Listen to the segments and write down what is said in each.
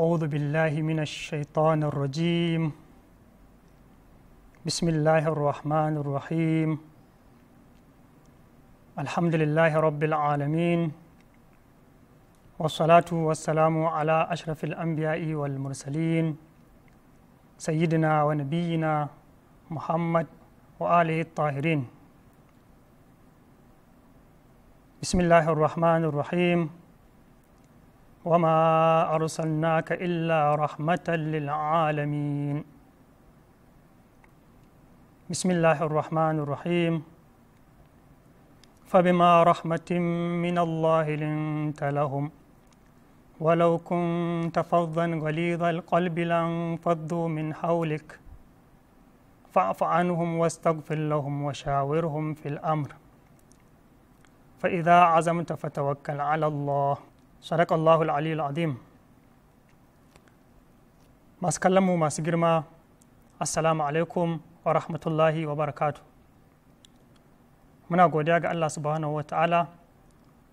أعوذ بالله من الشيطان الرجيم بسم الله الرحمن الرحيم الحمد لله رب العالمين والصلاة والسلام على أشرف الأنبياء والمرسلين سيدنا ونبينا محمد وآله الطاهرين بسم الله الرحمن الرحيم وما أرسلناك إلا رحمة للعالمين بسم الله الرحمن الرحيم فبما رحمة من الله لنت لهم ولو كنت فظا غليظ القلب لانفضوا من حولك فاعف عنهم واستغفر لهم وشاورهم في الأمر فإذا عزمت فتوكل على الله sadaka Allahul Aliyul Azim masu kallonmu masu girma assalamu alaikum wa rahmatullahi wa barakatu muna godiya ga Allah subhanahu wa ta'ala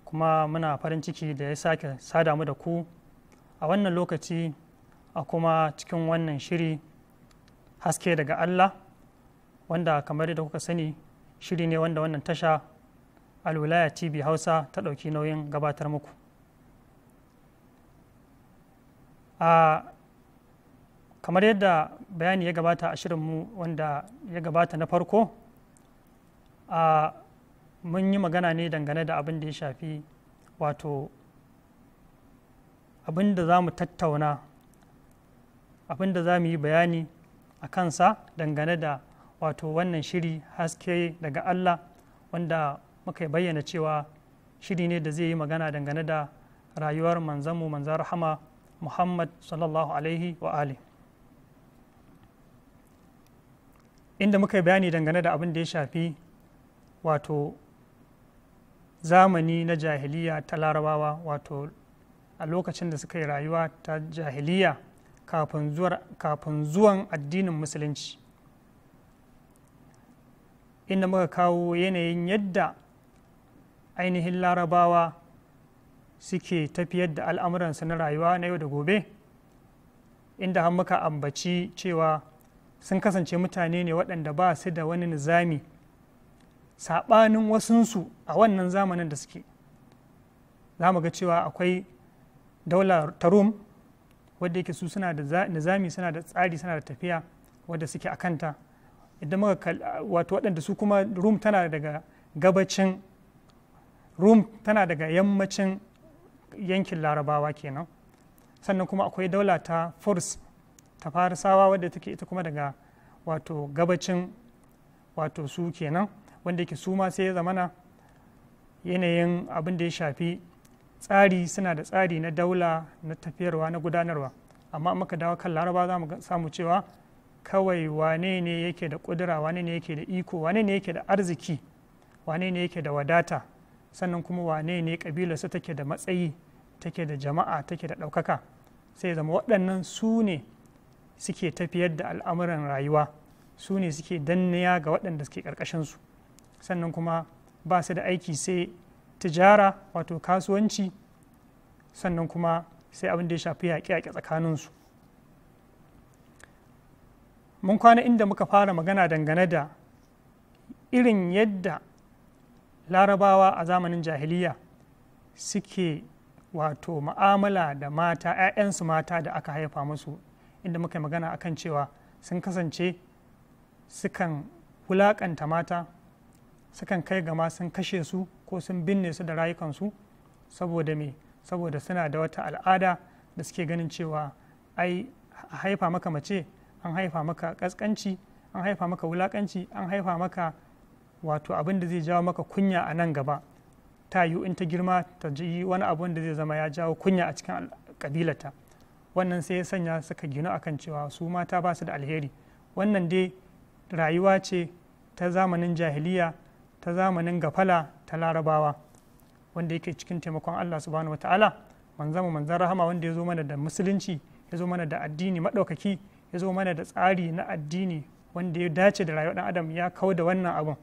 kuma muna farin ciki da ya sake sada mu da ku a wannan lokaci a kuma cikin wannan shiri haske daga Allah wanda kamar da kuka sani shiri ne wanda wannan tasha wilaya tv hausa ta ɗauki nauyin gabatar muku a kamar yadda bayani ya gabata a shirinmu wanda ya gabata na farko a mun yi magana ne dangane da abin da ya shafi wato abin da za mu tattauna abin da za mu yi bayani a kansa dangane da wato wannan shiri haske daga allah wanda muka bayyana cewa shiri ne da zai yi magana dangane da rayuwar manzanmu manzan rahama muhammad sallallahu alaihi wa inda muka yi bayani dangane da abin da ya shafi wato zamani na jahiliya ta larabawa wato a lokacin da suka yi rayuwa ta jahiliya kafin zuwan addinin musulunci inda muka kawo yanayin yadda ainihin larabawa suke tafiyar da al'amuransu na rayuwa na yau da gobe inda har muka ambaci cewa sun kasance mutane ne waɗanda ba su da wani nizami saɓanin wasunsu a wannan zamanin da suke za mu ga cewa akwai daula ta rum wadda yake su suna da nizami suna da tsari suna da tafiya wadda suke a kanta idan muka wato waɗanda su kuma rum tana daga gabacin rum tana daga yammacin yankin larabawa kenan sannan kuma akwai daula ta furs ta farisawa wadda take ita kuma daga wato gabacin wato su kenan wanda yake su ma sai ya zamana yanayin abin da ya shafi tsari suna da tsari na daula na tafiyarwa na gudanarwa amma muka dawo kan laraba za mu samu cewa kawai wane ne yake da kudura wane ne yake da iko wane ne yake da arziki wane ne yake da wadata sannan kuma wane ne kabilarsa take da matsayi take da jama'a take da ɗaukaka sai zama waɗannan su ne suke tafiyar da al'amuran rayuwa su ne suke danniya ga waɗanda suke ƙarƙashinsu sannan kuma ba su da aiki sai tijara wato kasuwanci sannan kuma sai abin da ya shafi yaƙe-yaƙe tsakaninsu mun kwana inda muka fara magana dangane da irin yadda larabawa a zamanin jahiliya suke wato ma'amala da mata 'ya'yansu mata da aka haifa musu inda muka magana akan cewa sun kasance sukan wulaƙanta mata sukan kai gama sun kashe su ko sun binne su da rayukansu saboda me saboda suna da wata al'ada da suke ganin cewa ai haifa maka mace an haifa maka ƙasƙanci an haifa maka wulaƙanci an haifa maka wato abin da zai jawo maka kunya a nan gaba ta yiwu in ta girma ta ji wani abun da zai zama ya jawo kunya a cikin kabilata wannan sai ya sanya suka a akan cewa su mata ba su da alheri wannan dai rayuwa ce ta zamanin jahiliya ta zamanin gafala ta larabawa wanda yake cikin taimakon allah subhanahu wa ta'ala manzama manzan rahama wanda ya zo mana da musulunci ya zo mana da addini maɗaukaki ya zo mana da tsari na addini wanda ya dace da rayuwar dan adam ya kau da wannan abun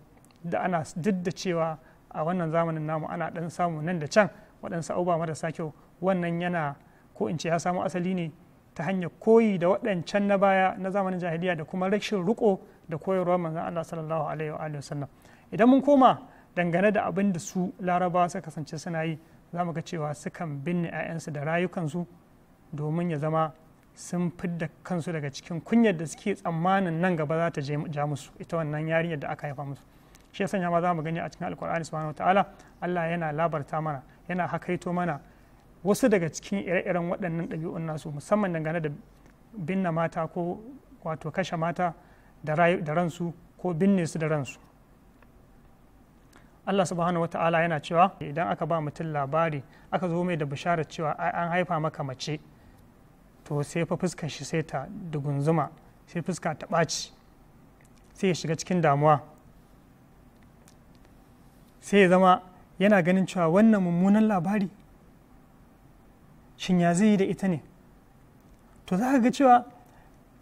da ana duk da cewa a wannan zamanin namu ana dan samu nan da can waɗansu abubuwa marasa kyau wannan yana ko in ce ya samo asali ne ta hanyar koyi da waɗancan na baya na zamanin jahiliya da kuma rashin riko da koyarwa manzon Allah sallallahu alaihi wa sallam idan mun koma dangane da abin da su larabawa suka kasance suna yi za mu ga cewa sukan binne 'ya'yansu da rayukansu domin ya zama sun fidda kansu daga cikin kunyar da suke tsammanin nan gaba za ta ja musu ita wannan yarinyar da aka haifa musu shi ya sanya ma za mu gani a cikin alkur'ani subhanahu ta'ala Allah yana labarta mana yana hakaito mana wasu daga cikin ire-iren waɗannan ɗabi'un nasu musamman dangane da binne mata ko wato kashe mata da ransu ko binne su da ransu Allah subhanahu wa ta'ala yana cewa idan aka ba mutum labari aka zo mai da bisharar cewa an haifa maka mace to sai fa fuskar shi sai ta dugunzuma sai fuska ta ɓaci sai ya shiga cikin damuwa sai ya zama yana ganin cewa wannan mummunan labari shin ya zai yi da ita ne to za ka ga cewa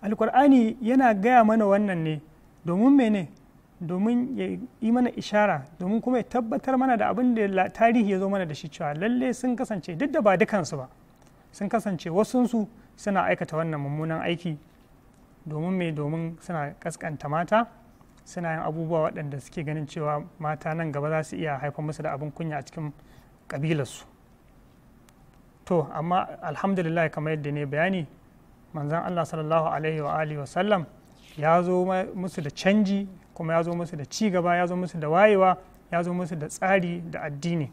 alkur'ani yana gaya mana wannan ne domin mene domin ya yi mana ishara domin kuma ya tabbatar mana da abin da tarihi ya zo mana da shi cewa lalle sun kasance duk da ba dukansu ba sun kasance wasunsu suna aikata wannan mummunan aiki domin mai domin suna kaskanta mata suna yin abubuwa waɗanda suke ganin cewa mata nan gaba za su iya haifar musu da abin kunya a cikin ƙabilarsu to amma alhamdulillah kamar yadda ne bayani manzan allah sallallahu alaihi wa alihi wa sallam ya zo musu da canji kuma ya zo musu da ci gaba ya zo musu da wayewa ya zo musu da tsari da addini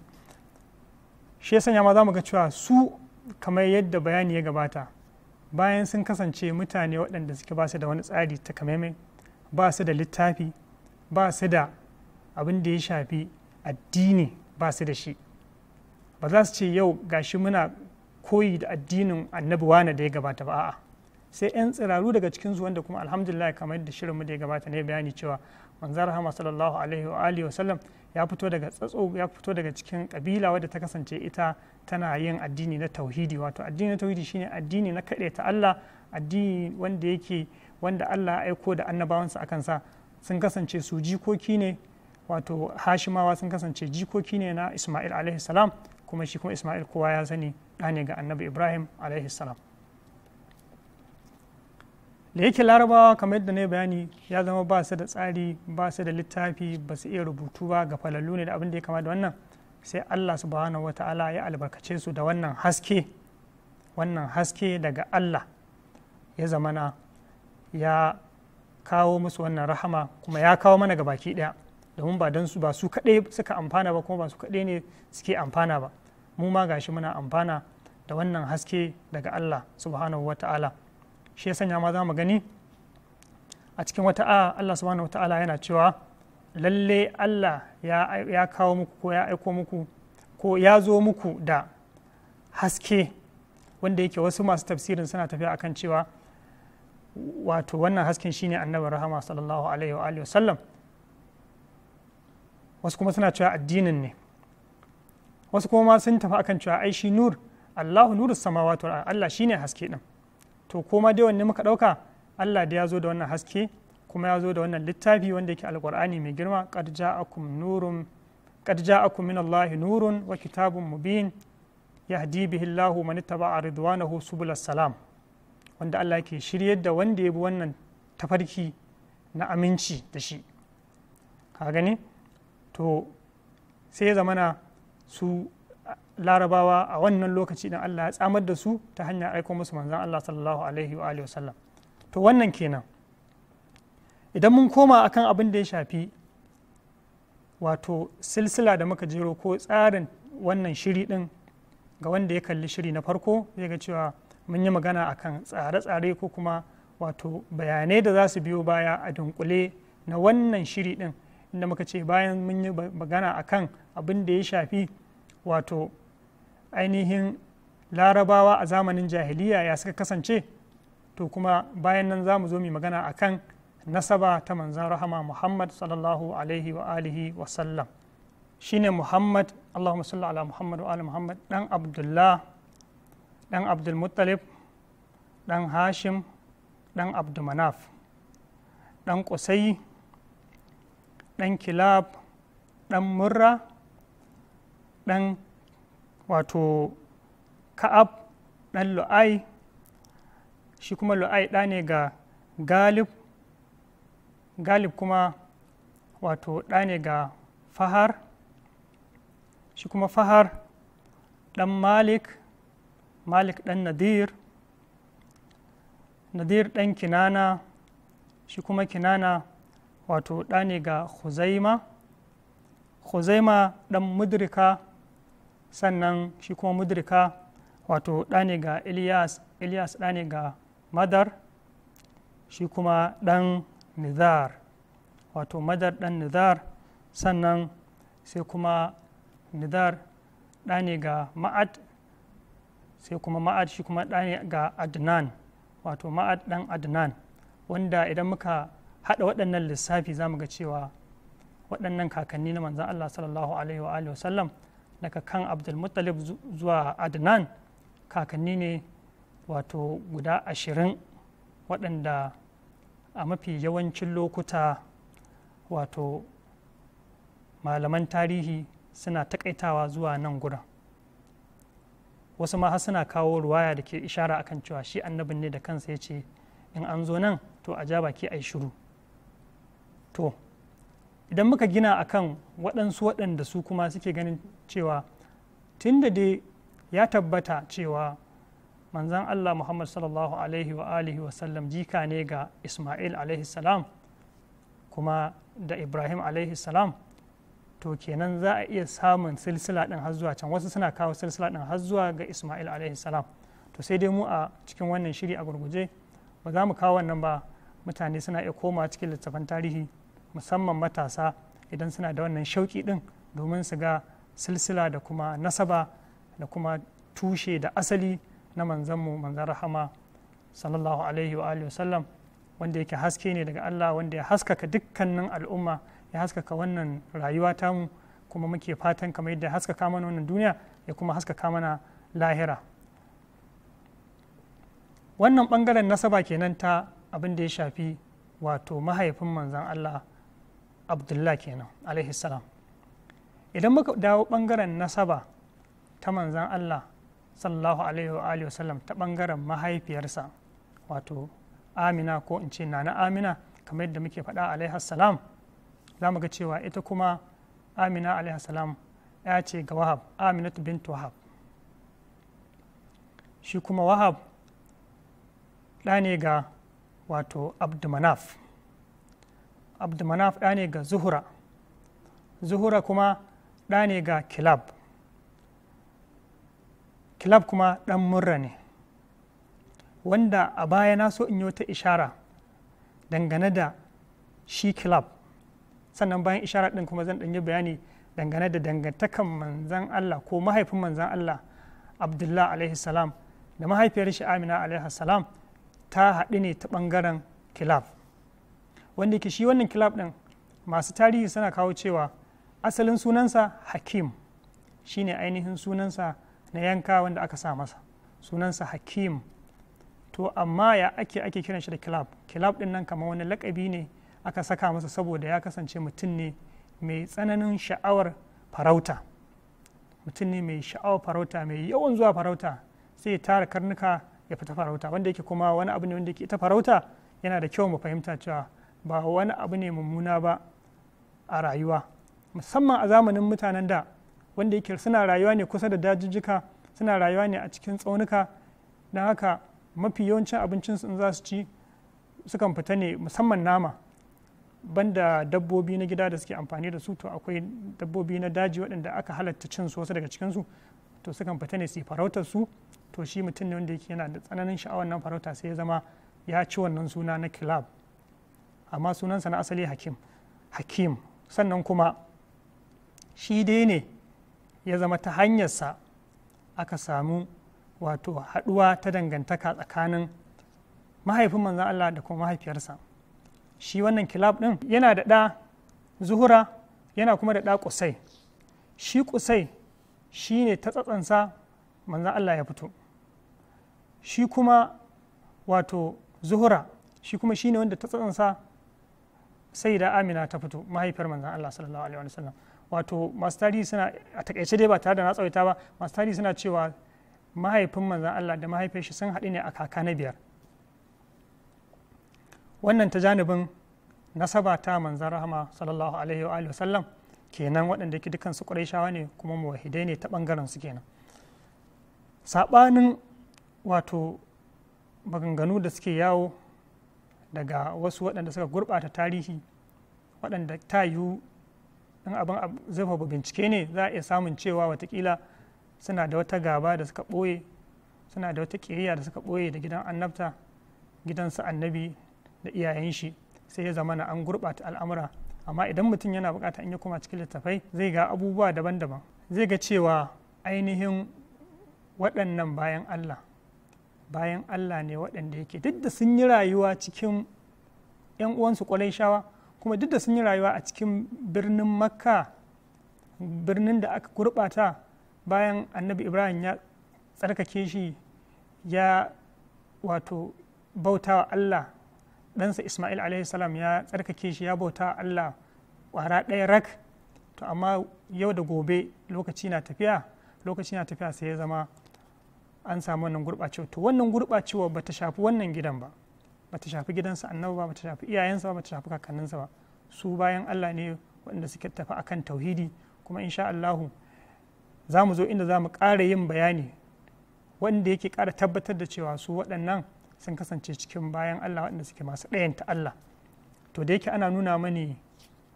shi ya sanya ma za mu ga cewa su kamar yadda bayani ya gabata bayan sun kasance mutane waɗanda suke ba su da wani tsari ta takamaimai ba su da littafi ba su da abin da ya shafi addini ba su da shi ba za su ce yau ga shi muna koyi da addinin annabi wane da ya gabata ba a'a sai 'yan tsiraru daga cikin zuwan da kuma alhamdulillah kamar yadda shirinmu da ya gabata ne bayani cewa manzan rahama sallallahu alaihi wa alihi wa sallam ya fito daga tsatso ya fito daga cikin kabila wadda ta kasance ita tana yin addini na tauhidi wato addini na tauhidi shine addini na kade ta Allah addini wanda yake wanda Allah ya aiko da annabawansa a kansa sun kasance su jikoki ne wato hashimawa sun kasance jikoki ne na Ismail alaihi salam kuma shi kuma Ismail kowa ya sani ɗa ne ga annabi Ibrahim alaihi salam da yake larabawa kamar yadda na bayani ya zama ba su da tsari ba su da littafi ba su iya rubutu ba ga falallu ne da abin da ya kama da wannan sai Allah subhanahu wa ta'ala ya albarkace su da wannan haske wannan haske daga Allah ya zamana ya kawo musu wannan rahama kuma ya kawo mana ga baki ɗaya domin ba don su ba su kaɗai suka amfana ba kuma ba su kaɗai ne suke amfana ba mu ma gashi muna amfana da wannan haske daga Allah subhanahu wa ta'ala shi ya sanya ma za mu gani a cikin wata a Allah subhanahu wa ta'ala yana cewa lalle Allah ya kawo muku ko ya aiko muku ko ya zo muku da haske wanda yake wasu masu tafsirin suna tafiya akan cewa wato wannan hasken shine annabin rahama sallallahu alaihi wa alihi wasallam wasu kuma suna cewa addinin ne wasu kuma ma sun tafi akan cewa ai shi nur Allahu nuru sama wato Allah shine haske din to koma dai wanne muka dauka Allah da ya zo da wannan haske kuma ya zo da wannan littafi wanda yake alqur'ani mai girma qad ja'akum nurun qad ja'akum min Allahi nurun wa kitabun mubin yahdi bihi Allahu man ittaba'a ridwanahu subulas salam wanda Allah ke shiryar da wanda ya bi wannan tafarki na aminci da shi ka gani to sai ya zamana su larabawa a wannan lokaci dan Allah ya tsamar da su ta hanyar aiko musu manzan Allah sallallahu alaihi wa alihi wasallam to wannan kenan idan mun koma akan abin da ya shafi wato silsila da muka jero ko tsarin wannan shiri din ga wanda ya kalli shiri na farko zai ga cewa mun yi magana akan tsare-tsare ko kuma wato bayanai da za su biyo baya a dunkule na wannan shiri din inda muka ce bayan mun yi magana akan abin da ya shafi wato ainihin larabawa a zamanin jahiliya ya suka kasance to kuma bayan nan za mu zo mu magana akan nasaba ta manzan rahama muhammad sallallahu alaihi wa alihi wa sallam shine muhammad allahumma salli ala muhammad wa ali muhammad dan abdullah ɗan abdulmuttalib ɗan hashim ɗan abdumanaf ɗan ƙusai ɗan kilab ɗan murra ɗan wato ka'ab ɗan lu'ai shi kuma lu'ai ɗa ne ga galib galib kuma wato ɗa ne ga fahar shi kuma fahar ɗan malik malik ɗan nadir nadir ɗan kinana shi kuma kinana wato ɗa ne ga huzaima huzaima ɗan mudrika sannan shi kuma mudrika wato ɗa ne ga ilyas ilyas ne ga madar shi kuma ɗan nizar wato madar ɗan nizar sannan sai kuma nizar ɗa ne ga ma'ad sai kuma ma'ad shi kuma ɗaya ga adnan wato ma'ad ɗan adnan wanda idan muka haɗa waɗannan lissafi za mu ga cewa waɗannan kakanni na manzan Allah sallallahu alaihi wa alihi wasallam daga kan abdulmuttalib zuwa adnan kakanni ne wato guda ashirin waɗanda a mafi yawancin lokuta wato malaman tarihi suna taƙaitawa zuwa nan gudan wasu ma har suna kawo ruwaya da ke ishara akan cewa shi annabin ne da kansa ya ce in an zo nan to a ja baki a yi shiru to idan muka gina akan waɗansu waɗanda su kuma suke ganin cewa tun da dai ya tabbata cewa manzan allah muhammad sallallahu alaihi wa alihi Sallam jika ne ga ismail alaihi salam kuma da ibrahim alaihi salam to kenan za a iya samun silsila ɗin har zuwa can wasu suna kawo silsila ɗin har zuwa ga ismail alaihi salam to sai dai mu a cikin wannan shiri a gurguje ba za mu kawo wannan ba mutane suna iya koma cikin littattafan tarihi musamman matasa idan suna da wannan shauki ɗin domin su ga silsila da kuma nasaba da kuma tushe da asali na manzanmu manzan rahama sallallahu alaihi wa sallam wanda yake haske ne daga allah wanda ya haskaka dukkanin al'umma ya haskaka wannan rayuwa tamu kuma muke fatan kamar yadda haskaka mana wannan duniya ya kuma haskaka mana lahira wannan bangaren nasaba kenan ta abin da ya shafi wato mahaifin manzan allah abdullah kenan alaihi salam idan muka dawo bangaren nasaba ta manzan allah sallallahu alaihi wa sallam ta bangaren mahaifiyarsa wato amina ko in ce nana amina kamar yadda muke faɗa alaihi salam za mu ga cewa ita kuma amina alaihassalam ya ce ga wahab aminatu bint wahab shi kuma wahab ɗa ne ga wato abdumanaf abdumanaf ɗa ne ga zuhura zuhura kuma ɗa ne ga kilab kilab kuma ɗan murra ne wanda a baya na so in yi wata ishara dangane da shi kilab sannan bayan ishara ɗin kuma zan ɗanyi bayani dangane da dangantakan manzan Allah ko mahaifin manzan Allah Abdullah alaihi salam da mahaifiyar shi Amina alaihi salam ta haɗu ne ta ɓangaren kilab wanda ke shi wannan kilab ɗin masu tarihi suna kawo cewa asalin sunansa hakim shine ainihin sunansa na yanka wanda aka sa masa sunansa hakim to amma ya ake ake kiran shi da kilab kilab ɗin nan kamar wani lakabi ne aka saka masa saboda ya kasance mutum ne mai tsananin sha'awar farauta mutum ne mai sha'awar farauta mai yawan zuwa farauta sai ya tara karnuka ya fita farauta wanda yake kuma wani abu ne wanda yake ita farauta yana da kyau mu fahimta cewa ba wani abu ne mummuna ba a rayuwa musamman a zamanin mutanen da wanda yake suna rayuwa ne kusa da dajijjika suna rayuwa ne a cikin tsaunuka don haka mafi yawancin abincinsu in za su ci sukan fita ne musamman nama banda dabbobi na gida da suke amfani da su to akwai dabbobi na daji waɗanda aka halatta cin su wasu daga cikin su to sukan fita ne su farautar su to shi mutum ne wanda yake yana da tsananin sha'awar nan farauta sai ya zama ya ci wannan suna na kilab amma sunansa na asali hakim hakim sannan kuma shi dai ne ya zama ta hanyarsa aka samu wato haɗuwa ta dangantaka tsakanin mahaifin manzan Allah da kuma mahaifiyarsa shi wannan kilab ɗin yana da ɗa zuhura yana kuma da ɗa kusai shi kusai shi ne ta tsatsansa manzan Allah ya fito shi kuma wato zuhura shi kuma shi ne wanda ta tsatsansa sai da amina ta fito mahaifiyar manzan Allah sallallahu alaihi wa sallam wato masu tarihi suna a takaice dai ba tare da na tsawaita ba masu tarihi suna cewa mahaifin manzan Allah da mahaifiyar shi sun haɗu ne a kaka na biyar wannan ta janibin nasaba ta manzan rahama sallallahu alaihi wa alihi kenan waɗanda ke dukan su shawa ne kuma muwahidai ne ta ɓangaren su kenan saɓanin wato maganganu da suke yawo daga wasu waɗanda suka gurɓata tarihi waɗanda ta yiwu in abin zafafa bincike ne za a iya samun cewa watakila suna da wata gaba da suka ɓoye suna da wata ƙiyayya da suka ɓoye da gidan annabta gidansu annabi da iyayen shi sai ya zama na an gurɓata al'amura amma idan mutum yana bukata in ya koma cikin littafai zai ga abubuwa daban-daban zai ga cewa ainihin waɗannan bayan allah bayan allah ne waɗanda yake duk da sun yi rayuwa cikin 'yan uwansu ƙwalai shawa kuma duk da sun yi rayuwa a cikin birnin makka birnin da aka gurɓata bayan annabi ibrahim ya tsarkake shi ya wato bautawa allah ɗansa ismail alaihi salam ya tsarkake shi ya bauta allah ƙwara ɗaya rak to amma yau da gobe lokaci na tafiya lokaci na tafiya sai ya zama an samu wannan gurɓacewa to wannan gurɓacewa ba ta shafi wannan gidan ba ba ta shafi gidansa annabi ba ba ta shafi iyayensa ba ba ta shafi kakanninsa ba su bayan allah ne waɗanda suke tafi akan tauhidi kuma insha allahu za mu zo inda za mu ƙara yin bayani wanda yake ƙara tabbatar da cewa su waɗannan sun kasance cikin bayan Allah waɗanda suke masu ɗayanta Allah to da yake ana nuna mani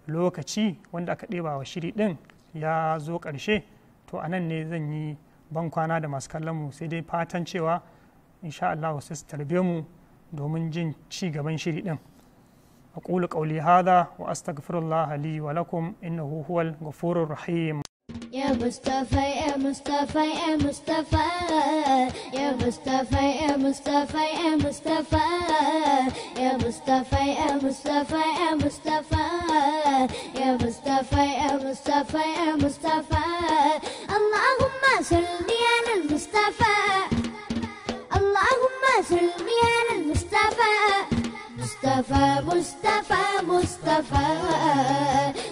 lokaci wanda aka ɗeba wa shiri ɗin ya zo ƙarshe to a nan ne zan yi ban kwana da masu kallon sai dai fatan cewa insha Allah wasu su tarbe mu domin jin ci gaban shiri ɗin أقول قولي هذا وأستغفر الله لي ولكم إنه هو الغفور الرحيم يا مصطفى يا مصطفى يا مصطفى يا مصطفى يا مصطفى يا مصطفى يا مصطفى يا مصطفى يا مصطفى يا مصطفى يا مصطفى يا مصطفى اللهم صل على المصطفى اللهم صل على المصطفى Mustafa, Mustafa, Mustafa,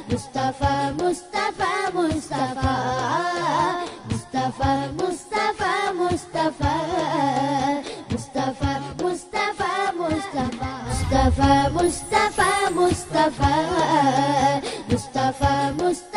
Mustafa, Mustafa, Mustafa, Mustafa, Mustafa, Mustafa, Mustafa, Mustafa, Mustafa, Mustafa, Mustafa, Mustafa, Mustafa, Mustafa.